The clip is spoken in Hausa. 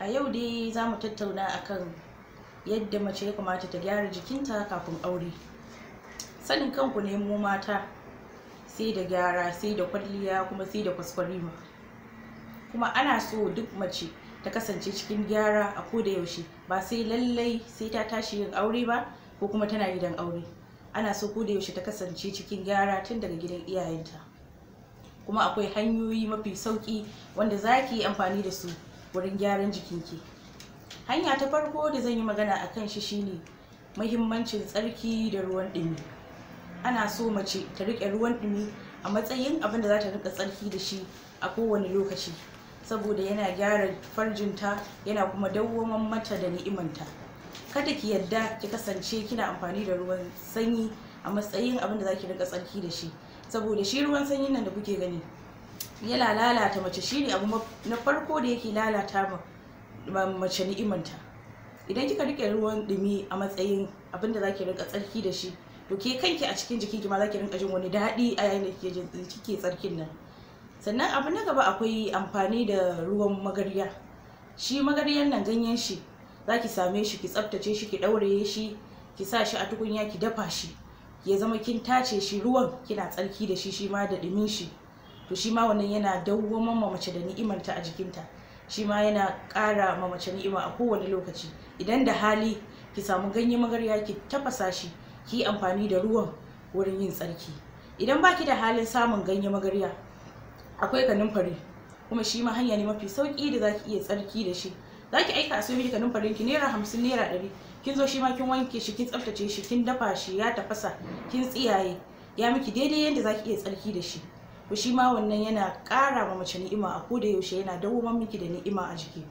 a yau dai za mu tattauna akan yadda mace ya kamata ta gyara jikinta kafin aure sanin kanku ne mu mata sai da gyara sai da kwalliya kuma sai da ma kuma ana so duk mace ta kasance cikin gyara a koda yaushe ba sai lallai sai ta tashi yin aure ba ko kuma tana gidan aure ana so koda yaushe ta kasance cikin gyara tun daga gidan iyayenta kuma akwai hanyoyi mafi sauki wanda za ki yi amfani da su wurin gyaran jikinki hanya ta farko da zan yi magana a kan shi shine mahimmancin tsarki da ruwan ɗumi ana so mace ta riƙe ruwan ɗumi a matsayin abin da za ta riƙa tsarki da shi a kowane lokaci saboda yana gyara farjinta yana kuma dawwaman mata da ni'imanta kada ki yadda ki kasance kina amfani da ruwan sanyi a matsayin abin da za ki riƙa tsarki da shi saboda shi ruwan sanyin nan da kuke gani yana lalata mace shine abu na farko da yake lalata mace ni'imanta idan kika rike ruwan dumi a matsayin abin da zaki rinka tsarki da shi to ke kanki a cikin jikinki ma zaki rinka jin wani daɗi a yayin da kike tsarkin nan sannan abu na gaba akwai amfani da ruwan magarya shi magaryan nan ganyen shi zaki same shi ki tsaftace shi ki ɗaure shi ki sa shi a tukunya ki dafa shi ya zama kin tace shi ruwan kina tsarki da shi shi ma da ɗumin shi to shi ma wannan yana dawwamar ma mace da ni'imarta a jikinta shi ma yana ƙara ma mace ni'ima a kowane lokaci idan da hali ki samu ganye magarya ki tafasa shi ki yi amfani da ruwan wurin yin tsarki idan baki da halin samun ganye magarya akwai kanumfari kuma shi ma hanya ne mafi sauki da zaki iya tsarki da shi zaki aika a kanin farin ki naira hamsin naira ɗari kin zo shi ma kin wanke shi kin tsaftace shi kin dafa shi ya tafasa kin tsiyaye ya miki daidai yadda zaki iya tsarki da shi to shi ma wannan yana ƙara ma mace ni'ima a koda yaushe yana dawo miki da ni'ima a jiki